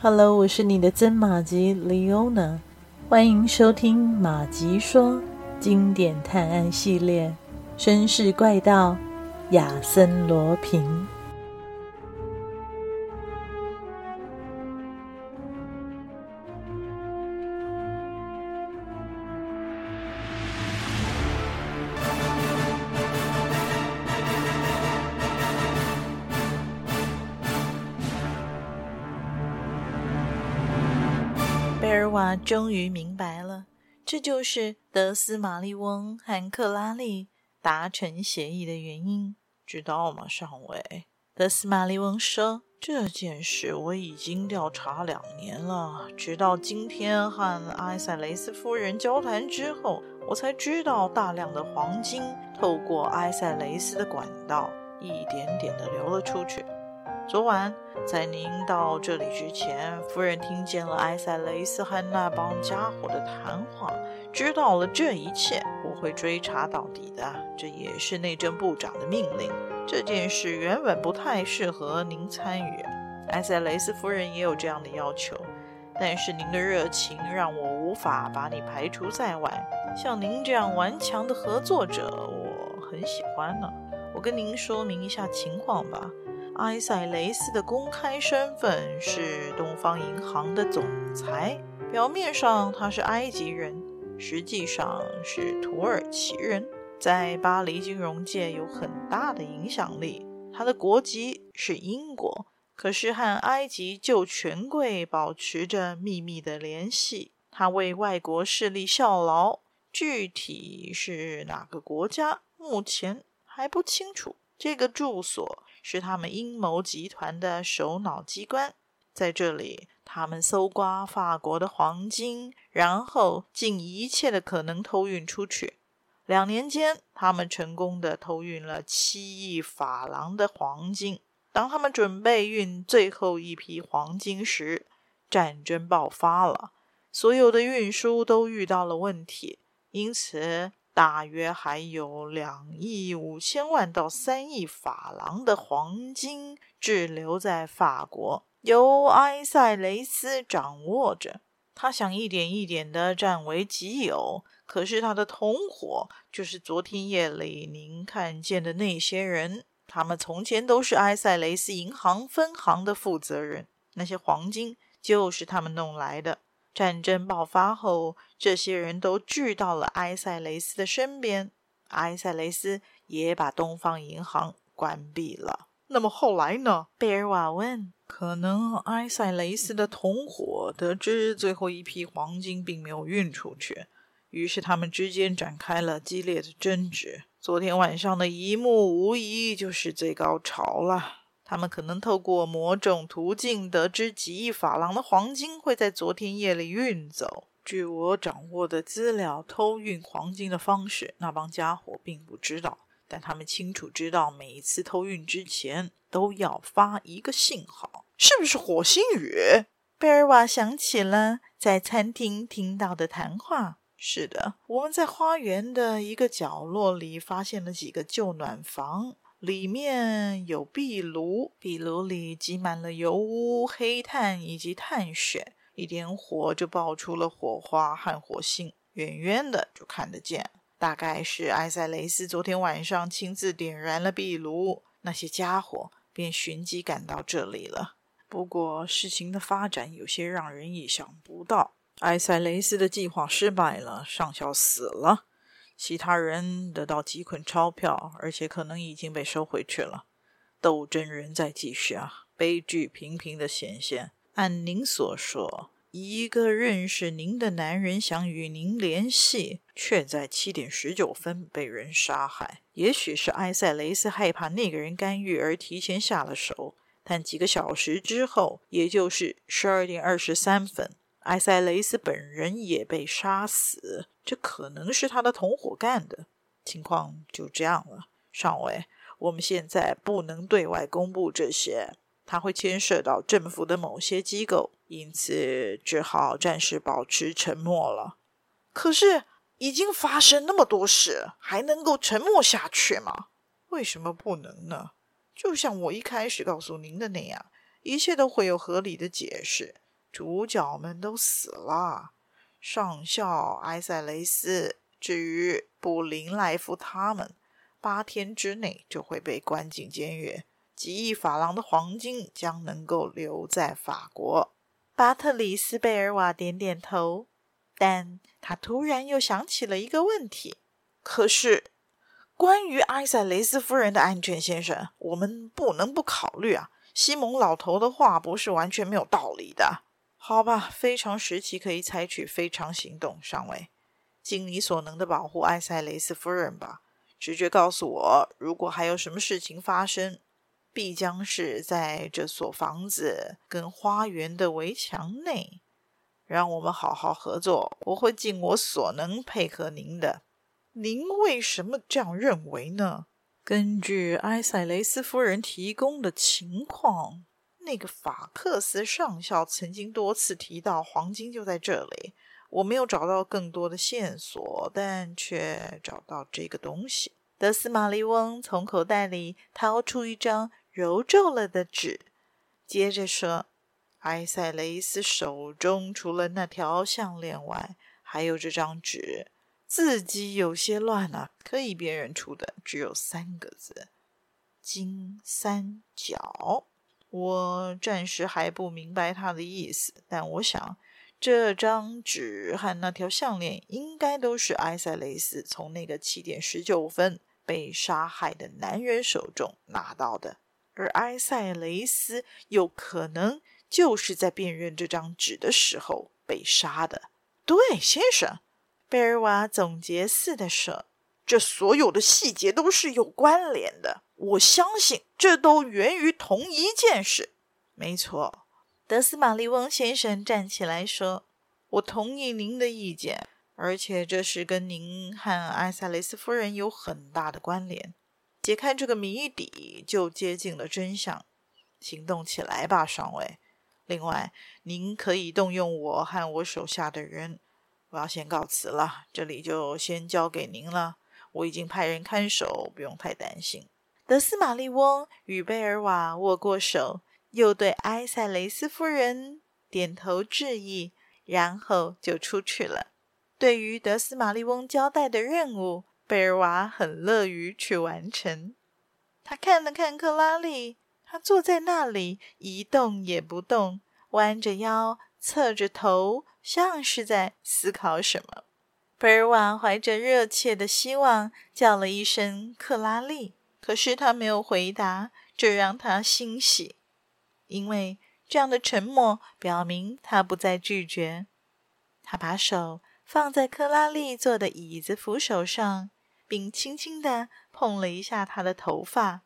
哈嘍，Hello, 我是你的真馬吉 Liona，歡迎收聽馬吉說經典探案系列《紳士怪盜亞森羅蘋》。埃爾瓦終於明白了，這就是德斯瑪麗翁和克拉利達成協議的原因。知道嗎，上尉？德斯瑪麗翁說：“這件事我已經調查兩年了，直到今天和埃塞雷斯夫人交談之後，我才知道大量的黃金透過埃塞雷斯的管道一點點的流了出去。”昨晚在您到這裡之前，夫人聽見了埃薩雷斯和那幫家伙的談話，知道了這一切。我會追查到底的，這也是內政部長的命令。這件事原本不太適合您參與，埃薩雷斯夫人也有這樣的要求，但是您的熱情讓我無法把你排除在外。像您這樣頑強的合作者，我很喜歡呢、啊。我跟您說明一下情況吧。埃薩雷斯的公開身份是東方銀行的總裁。表面上他是埃及人，實際上是土耳其人，在巴黎金融界有很大的影響力。他的國籍是英國，可是和埃及舊權貴保持着秘密的聯繫。他為外國勢力效勞，具體是哪個國家，目前還不清楚。這個住所。是他們陰謀集團的首腦機關，在這裡，他們搜刮法國的黃金，然後盡一切的可能偷運出去。兩年間，他們成功的偷運了七億法郎的黃金。當他們準備運最後一批黃金時，戰爭爆發了，所有的運輸都遇到了問題，因此。大約還有兩億五千萬到三億法郎的黃金滯留在法國，由埃薩雷斯掌握着。他想一點一點地占為己有，可是他的同夥就是昨天夜裡您看見的那些人。他們從前都是埃薩雷斯銀行分行的負責人，那些黃金就是他們弄來的。戰爭爆發後，這些人都聚到了埃薩雷斯的身邊。埃薩雷斯也把東方銀行關閉了。那麼後來呢？貝爾瓦問。可能埃薩雷斯的同夥得知最後一批黃金並沒有運出去，於是他們之間展開了激烈的爭執。昨天晚上的一幕無疑就是最高潮了。他們可能透過某種途徑得知幾億法郎的黃金會在昨天夜裡運走。據我掌握的資料，偷運黃金的方式，那幫家伙並不知道，但他們清楚知道，每一次偷運之前都要發一個信號。是不是火星雨？貝爾瓦想起了在餐廳聽到的談話。是的，我們在花園的一個角落裡發現了幾個舊暖房。裡面有壁爐，壁爐裡積滿了油污、黑炭以及炭屑，一點火就爆出了火花和火星，遠遠的就看得見。大概是埃薩雷斯昨天晚上親自點燃了壁爐，那些家伙便尋機趕到這裡了。不過事情的發展有些讓人意想不到，埃薩雷斯的計劃失敗了，上校死了。其他人得到幾捆鈔票，而且可能已經被收回去了。鬥爭仍在繼續啊，悲劇頻頻的顯現。按您所說，一個認識您的男人想與您聯繫，却在七點十九分被人殺害。也許是埃薩雷斯害怕那個人干預而提前下了手，但幾個小時之後，也就是十二點二十三分。埃薩雷斯本人也被殺死，這可能是他的同夥幹的。情況就這樣了，上尉，我們現在不能對外公布這些，它會牽涉到政府的某些機構，因此只好暫時保持沉默了。可是已經發生那麼多事，還能夠沉默下去嗎？為什麼不能呢？就像我一開始告訴您的那樣，一切都會有合理的解釋。主角們都死了，上校埃薩雷斯。至於布林萊夫他們，八天之內就會被關進監獄。幾億法郎的黃金將能夠留在法國。巴特裡斯貝爾瓦點點頭，但他突然又想起了一個問題。可是，關於埃薩雷斯夫人的安全，先生，我們不能不考慮啊。西蒙老頭的話不是完全沒有道理的。好吧，非常時期可以採取非常行動，上尉。盡你所能的保護埃薩雷斯夫人吧。直覺告訴我，如果還有什麼事情發生，必將是在這所房子跟花園的圍牆內。讓我們好好合作，我會盡我所能配合您的。您為什麼這樣認為呢？根據埃薩雷斯夫人提供的情況。那個法克斯上校曾經多次提到黃金就在這裡。我沒有找到更多的線索，但卻找到這個東西。德斯馬利翁從口袋裡掏出一張揉皺了的紙，接着說：“埃薩雷斯手中除了那條項鏈外，還有這張紙。字跡有些亂了，啊，可以辨認出的只有三個字：金三角。”我暫時還不明白他的意思，但我想，這張紙和那條項鏈應該都是埃塞雷斯從那個七點十九分被殺害的男人手中拿到的，而埃塞雷斯有可能就是在辨認這張紙的時候被殺的。對，先生，貝爾瓦總結似的說：“這所有的細節都是有關聯的。”我相信這都源於同一件事。沒錯，德斯瑪利翁先生站起來說：“我同意您的意見，而且這是跟您和埃薩雷斯夫人有很大的關聯。解開這個謎底，就接近了真相。行動起來吧，上尉！另外，您可以動用我和我手下的人。我要先告辭了，這裡就先交給您了。我已經派人看守，不用太擔心。”德斯瑪麗翁與貝爾瓦握過手，又對埃薩雷斯夫人點頭致意，然後就出去了。對於德斯瑪麗翁交代的任務，貝爾瓦很樂於去完成。他看了看克拉利，他坐在那裡一動也不動，彎着腰，側着頭，像是在思考什麼。貝爾瓦懷着熱切的希望，叫了一聲：“克拉利。”可是他沒有回答，這讓他欣喜，因為這樣的沉默表明他不再拒絕。他把手放在克拉利坐的椅子扶手上，並輕輕地碰了一下他的頭髮。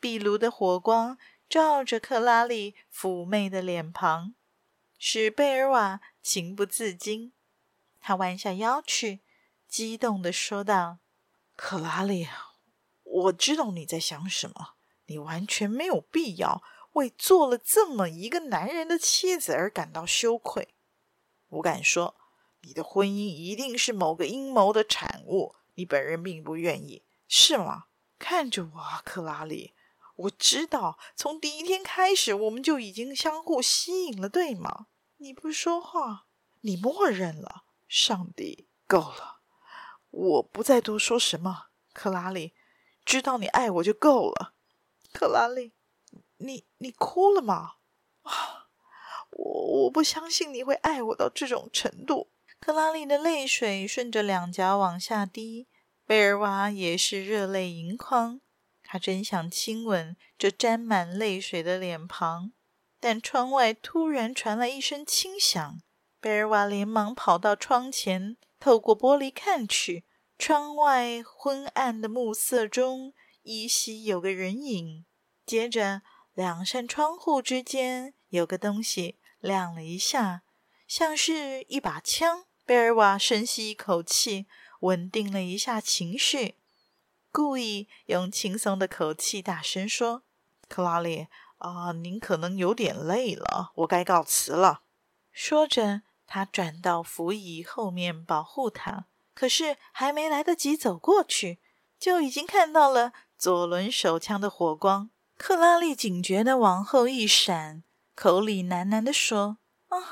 壁爐的火光照着克拉利嫵媚的臉龐，使貝爾瓦情不自禁。他彎下腰去，激動地說道：“克拉利。”我知道你在想什麼，你完全沒有必要為做了這麼一個男人的妻子而感到羞愧。我敢說，你的婚姻一定是某個陰謀的產物，你本人並不願意，是嗎？看着我，克拉里，我知道從第一天開始我們就已經相互吸引了，對嗎？你不說話，你默認了。上帝，夠了！我不再多說什麼，克拉里。知道你愛我就夠了，克拉麗，你你哭了嗎？啊，我我不相信你會愛我到這種程度。克拉麗的淚水順着兩頰往下滴，貝爾瓦也是熱淚盈眶，他真想親吻這沾滿淚水的臉龐，但窗外突然傳來一聲輕響，貝爾瓦連忙跑到窗前，透過玻璃看去。窗外昏暗的暮色中，依稀有個人影。接着，兩扇窗戶之間有個東西亮了一下，像是一把槍。貝爾瓦深吸一口氣，穩定了一下情緒，故意用輕鬆的口氣大聲說：“克拉里，啊、呃，您可能有點累了，我該告辭了。”說着，他轉到扶椅後面保護她。可是還沒來得及走過去，就已經看到了左輪手槍的火光。克拉麗警覺地往後一閃，口裡喃喃地說：“啊、哦，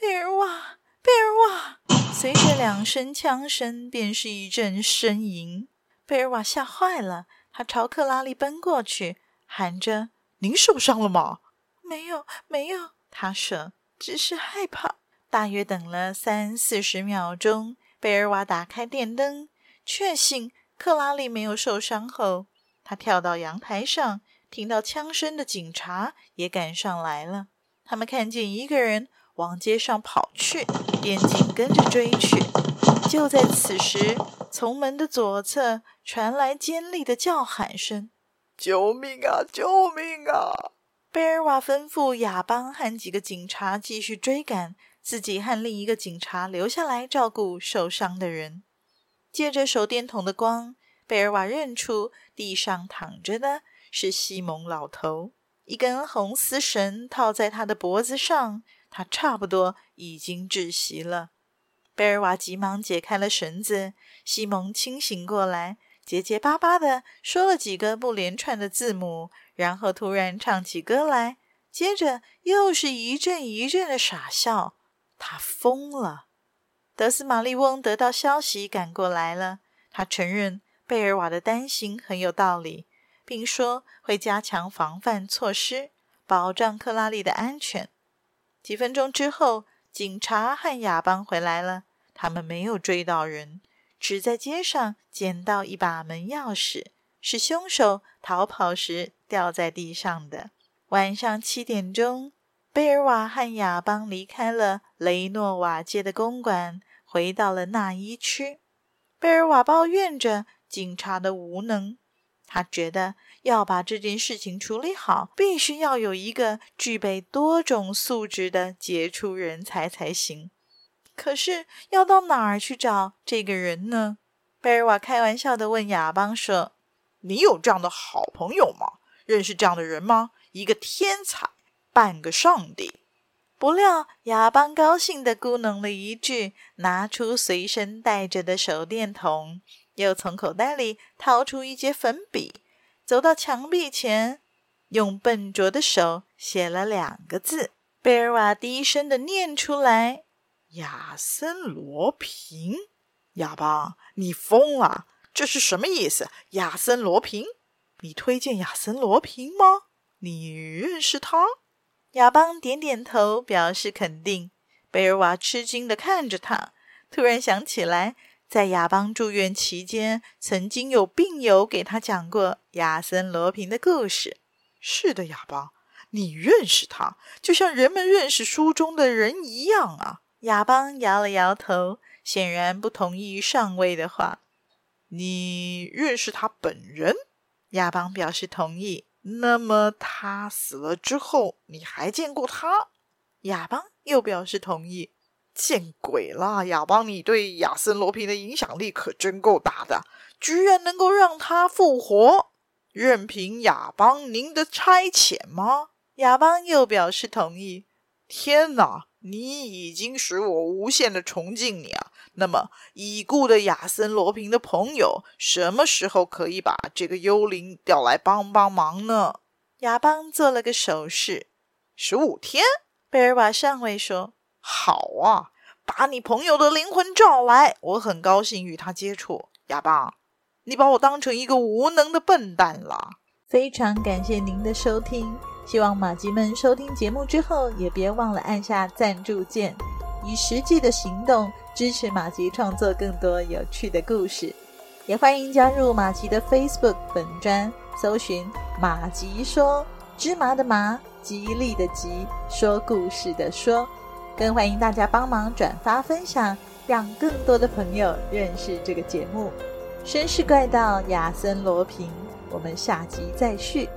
貝爾瓦，貝爾瓦！”隨着兩聲槍聲，便是一陣呻吟。貝爾瓦嚇壞了，他朝克拉麗奔過去，喊着：“您受傷了嗎？”“沒有，沒有。”他說，“只是害怕。”大約等了三四十秒鐘。貝爾瓦打開電燈，確信克拉麗沒有受傷後，他跳到陽台上。聽到槍聲的警察也趕上來了。他們看見一個人往街上跑去，便緊跟着追去。就在此時，從門的左側傳來尖利的叫喊聲：“救命啊！救命啊！”貝爾瓦吩咐亞邦和幾個警察繼續追趕。自己和另一個警察留下來照顧受傷的人。借着手電筒的光，貝爾瓦認出地上躺着的是西蒙老頭，一根紅絲繩套在他的脖子上，他差不多已經窒息了。貝爾瓦急忙解開了繩子，西蒙清醒過來，結結巴巴地說了幾個不連串的字母，然後突然唱起歌來，接着又是一陣一陣的傻笑。他瘋了。德斯瑪麗翁得到消息，趕過來了。他承認貝爾瓦的擔心很有道理，並說會加強防範措施，保障克拉麗的安全。幾分鐘之後，警察和亞邦回來了。他們沒有追到人，只在街上撿到一把門鑰匙，是兇手逃跑時掉在地上的。晚上七點鐘。貝爾瓦和亞邦離開了雷諾瓦街的公館，回到了納伊區。貝爾瓦抱怨着警察的無能，他覺得要把這件事情處理好，必須要有一個具備多種素質的傑出人才才行。可是要到哪兒去找這個人呢？貝爾瓦開玩笑地問亞邦說：“你有這樣的好朋友嗎？認識這樣的人嗎？一個天才。”半個上帝。不料，亞邦高興的咕噥了一句，拿出隨身帶着的手電筒，又從口袋裡掏出一節粉筆，走到牆壁前，用笨拙的手寫了兩個字。貝爾瓦低聲的念出來：“亞森羅蘋。”亞邦，你瘋了？這是什麼意思？亞森羅蘋？你推薦亞森羅蘋嗎？你認識他？亞邦點點頭，表示肯定。貝爾瓦吃驚地看着他，突然想起來，在亞邦住院期間，曾經有病友給他講過亞森·羅蘋的故事。是的，亞邦，你認識他，就像人們認識書中的人一樣啊。亞邦搖了搖頭，顯然不同意上尉的話。你認識他本人？亞邦表示同意。那麼他死了之後，你還見過他？亞邦又表示同意。見鬼啦，亞邦，你對亞森羅蘋的影響力可真夠大的，居然能夠讓他復活，任憑亞邦您的差遣嗎？亞邦又表示同意。天哪，你已經使我無限的崇敬你啊！那麼，已故的亞森·羅平的朋友什麼時候可以把這個幽靈調來幫幫忙呢？亞邦做了個手勢。十五天，貝爾瓦上尉說：“好啊，把你朋友的靈魂召來，我很高興與他接觸。”亞邦，你把我當成一個無能的笨蛋了。非常感謝您的收聽，希望馬吉們收聽節目之後也別忘了按下贊助鍵。以實際的行動支持馬吉創作更多有趣的故事，也歡迎加入馬吉的 Facebook 粉專，搜尋“馬吉說芝麻的麻吉利的吉說故事的說”，更歡迎大家幫忙轉發分享，讓更多的朋友認識這個節目。紳士怪盜亞森羅蘋，我們下集再續。